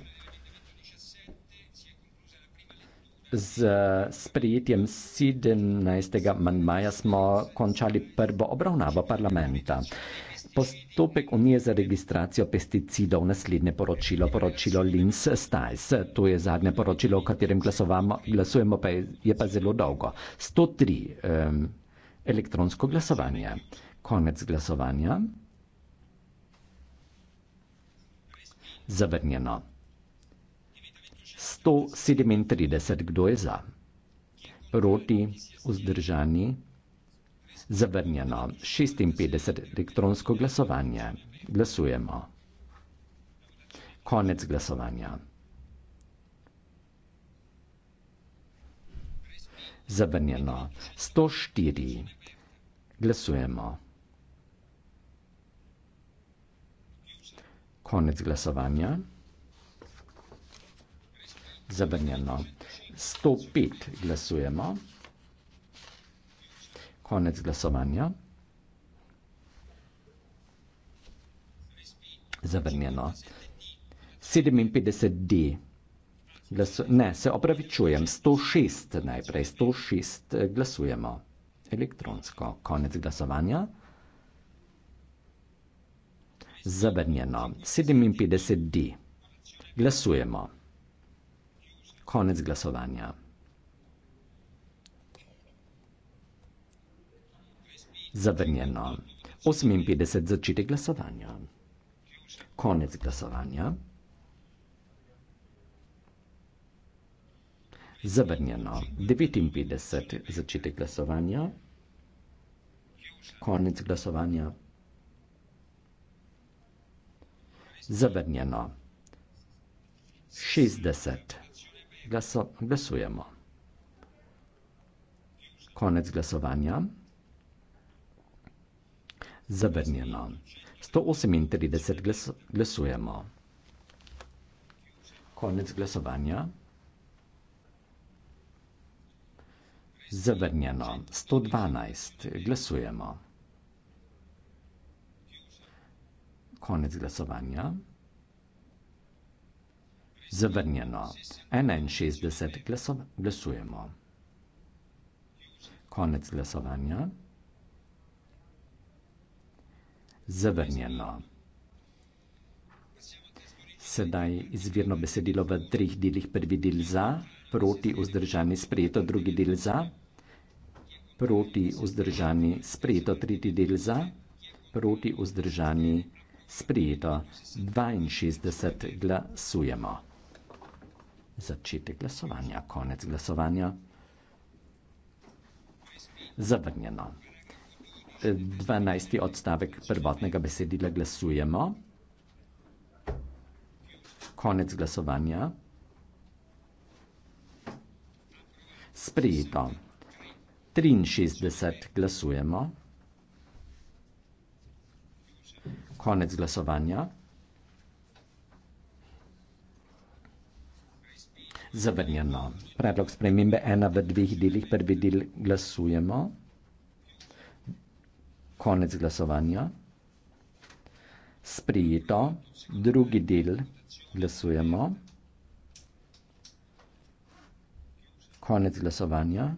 Z eh, sprejetjem 17. manjmaja smo končali prvo obravnavo parlamenta. Postopek unije za registracijo pesticidov, naslednje poročilo, poročilo Lins Stajs, to je zadnje poročilo, o katerem glasujemo, pa je, je pa zelo dolgo. 103. Um, elektronsko glasovanje. Konec glasovanja. Zavrnjeno. 137, kdo je za? Proti, vzdržani, zavrnjeno, 56 elektronsko glasovanje. Glasujemo. Konec glasovanja. Zavrnjeno, 104. Glasujemo. Konec glasovanja zavrnjeno. 105 glasujemo. Konec glasovanja. Zavrnjeno. 57D. Glasu ne, se opravičujem. 106 najprej. 106 eh, glasujemo. Elektronsko. Konec glasovanja. Zavrnjeno. 57D. Glasujemo. Konec glasovanja. Zavrnjeno. 58. Začetek glasovanja. Konec glasovanja. Zavrnjeno. 59. Začetek glasovanja. Konec glasovanja. Zavrnjeno. 60. Zavrnjeno glaso- glasujemo. Konec glasovanja. Zavrnjeno. 138 glaso- glasujemo. Konec glasovanja. Zavrnjeno. 112 glasujemo. Konec glasovanja. Zavrnjeno. 61 glasov, glasujemo. Konec glasovanja. Zavrnjeno. Sedaj izvirno besedilo v treh delih. Prvi del za, proti vzdržani sprejeto, drugi del za, proti vzdržani sprejeto, tretji del za, proti vzdržani sprejeto. 62 glasujemo. Začetek glasovanja, konec glasovanja. Zavrnjeno. 12. odstavek prvotnega besedila glasujemo. Konec glasovanja. Sprejeto. 63 glasujemo. Konec glasovanja. zavrnjeno. Predlog spremembe ena v dveh delih prvi del glasujemo. Konec glasovanja. Sprijeto. Drugi del glasujemo. Konec glasovanja.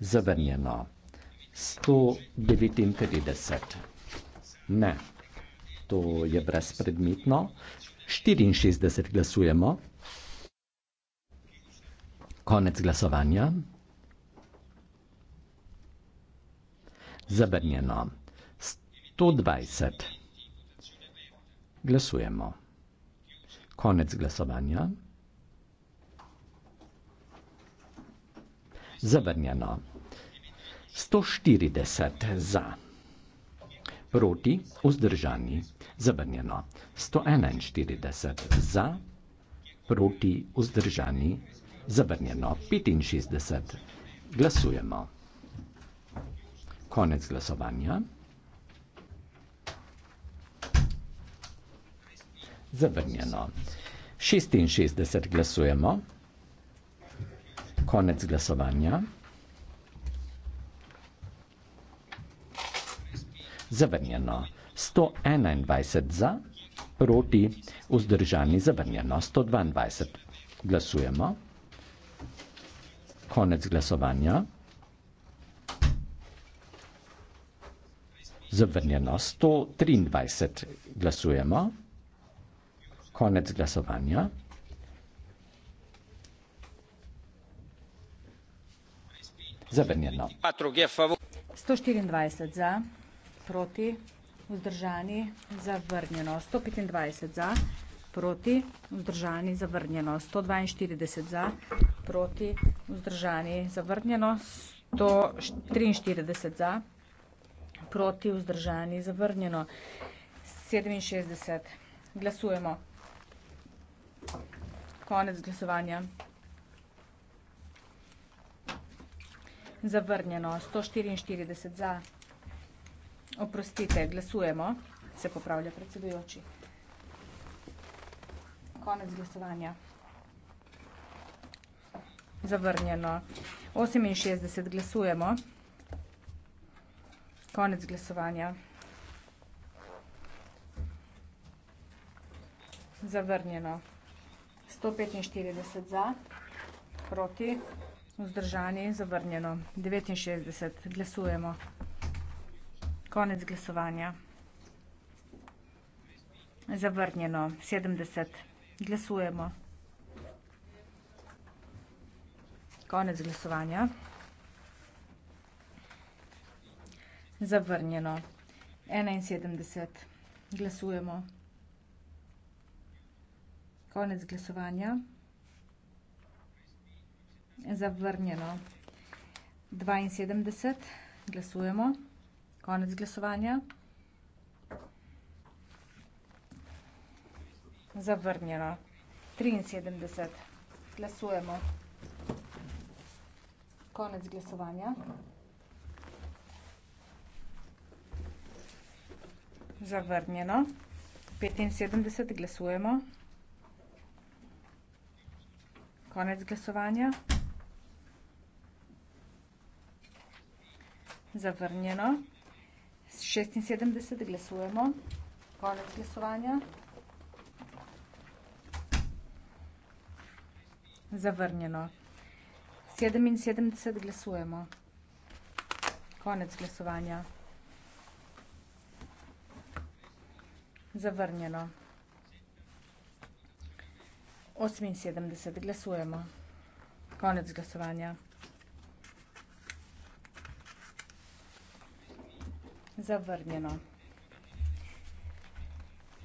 Zavrnjeno. 139. Ne, to je brezpredmetno. 64 glasujemo. Konec glasovanja. Zabrnjeno. 120. Glasujemo. Konec glasovanja. Zabrnjeno. 140 za proti, vzdržani, zabrnjeno. 141 za, proti, vzdržani, zabrnjeno. 65 glasujemo. Konec glasovanja. Zabrnjeno. 66 glasujemo. Konec glasovanja. zavrnjeno. 121 za, proti, vzdržani zavrnjeno. 122. Glasujemo. Konec glasovanja. Zavrnjeno. 123. Glasujemo. Konec glasovanja. Zavrnjeno. 124 za proti, vzdržani, zavrnjeno. 125 za, proti, vzdržani, zavrnjeno. 142 za, proti, vzdržani, zavrnjeno. 143 za, proti, vzdržani, zavrnjeno. 67. Glasujemo. Konec glasovanja. Zavrnjeno. 144 za, proti, vzdržani, zavrnjeno. Oprostite, glasujemo. Se popravlja predsedujoči. Konec glasovanja. Zavrnjeno. 68 glasujemo. Konec glasovanja. Zavrnjeno. 145 za, proti, vzdržani, zavrnjeno. 69 glasujemo. Konec glasovanja. Zavrnjeno. 70. Glasujemo. Konec glasovanja. Zavrnjeno. 71. Glasujemo. Konec glasovanja. Zavrnjeno. 72. Glasujemo. Glasujemo konec glasovanja. Zavrnjeno. Triinsedemdeset. Glasujemo. Konec glasovanja. Zavrnjeno. Petinsedemdeset. Glasujemo. Konec glasovanja. Zavrnjeno. 76 glasujemo. Konec glasovanja. Zavrnjeno. 77 glasujemo. Konec glasovanja. Zavrnjeno. 78 glasujemo. Konec glasovanja. zavrnjeno.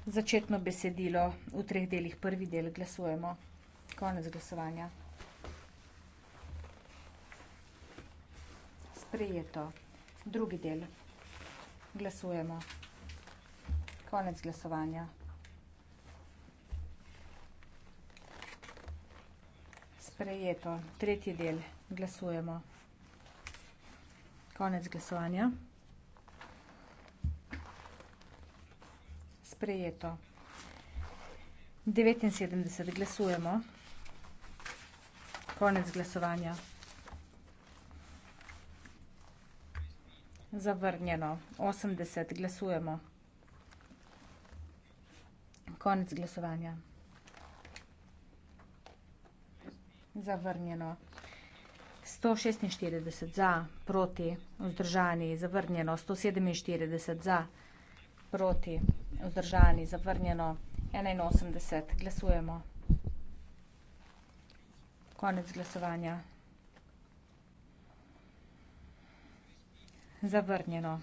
Začetno besedilo v treh delih, prvi del glasujemo, konec glasovanja. Sprejeto, drugi del glasujemo, konec glasovanja. Sprejeto, tretji del glasujemo, konec glasovanja. sprejeto. 79 glasujemo. Konec glasovanja. Zavrnjeno. 80 glasujemo. Konec glasovanja. Zavrnjeno. 146 za, proti, vzdržani, zavrnjeno, 147 za, proti vzdržani, zavrnjeno enainosemdeset, glasujemo. Konec glasovanja. Zavrnjeno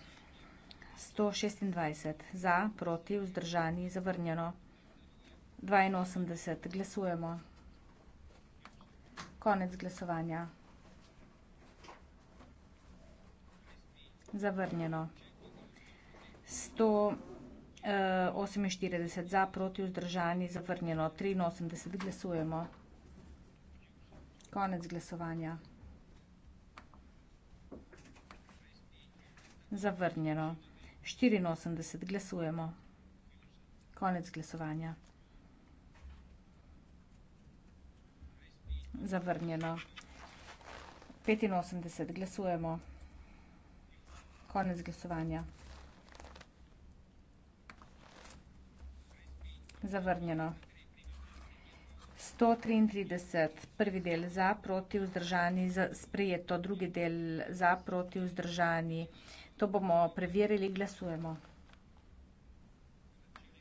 sto šestindvajset, za, proti, vzdržani, zavrnjeno dvainosemdeset, glasujemo. Konec glasovanja. Zavrnjeno sto... 48 za, proti vzdržani, zavrnjeno 83, glasujemo. Konec glasovanja. Zavrnjeno. 84 glasujemo. Konec glasovanja. Zavrnjeno. 85 glasujemo. Konec glasovanja. Zavrnjeno. 133. Prvi del za, proti vzdržani, sprejeto. Drugi del za, proti vzdržani. To bomo preverili. Glasujemo.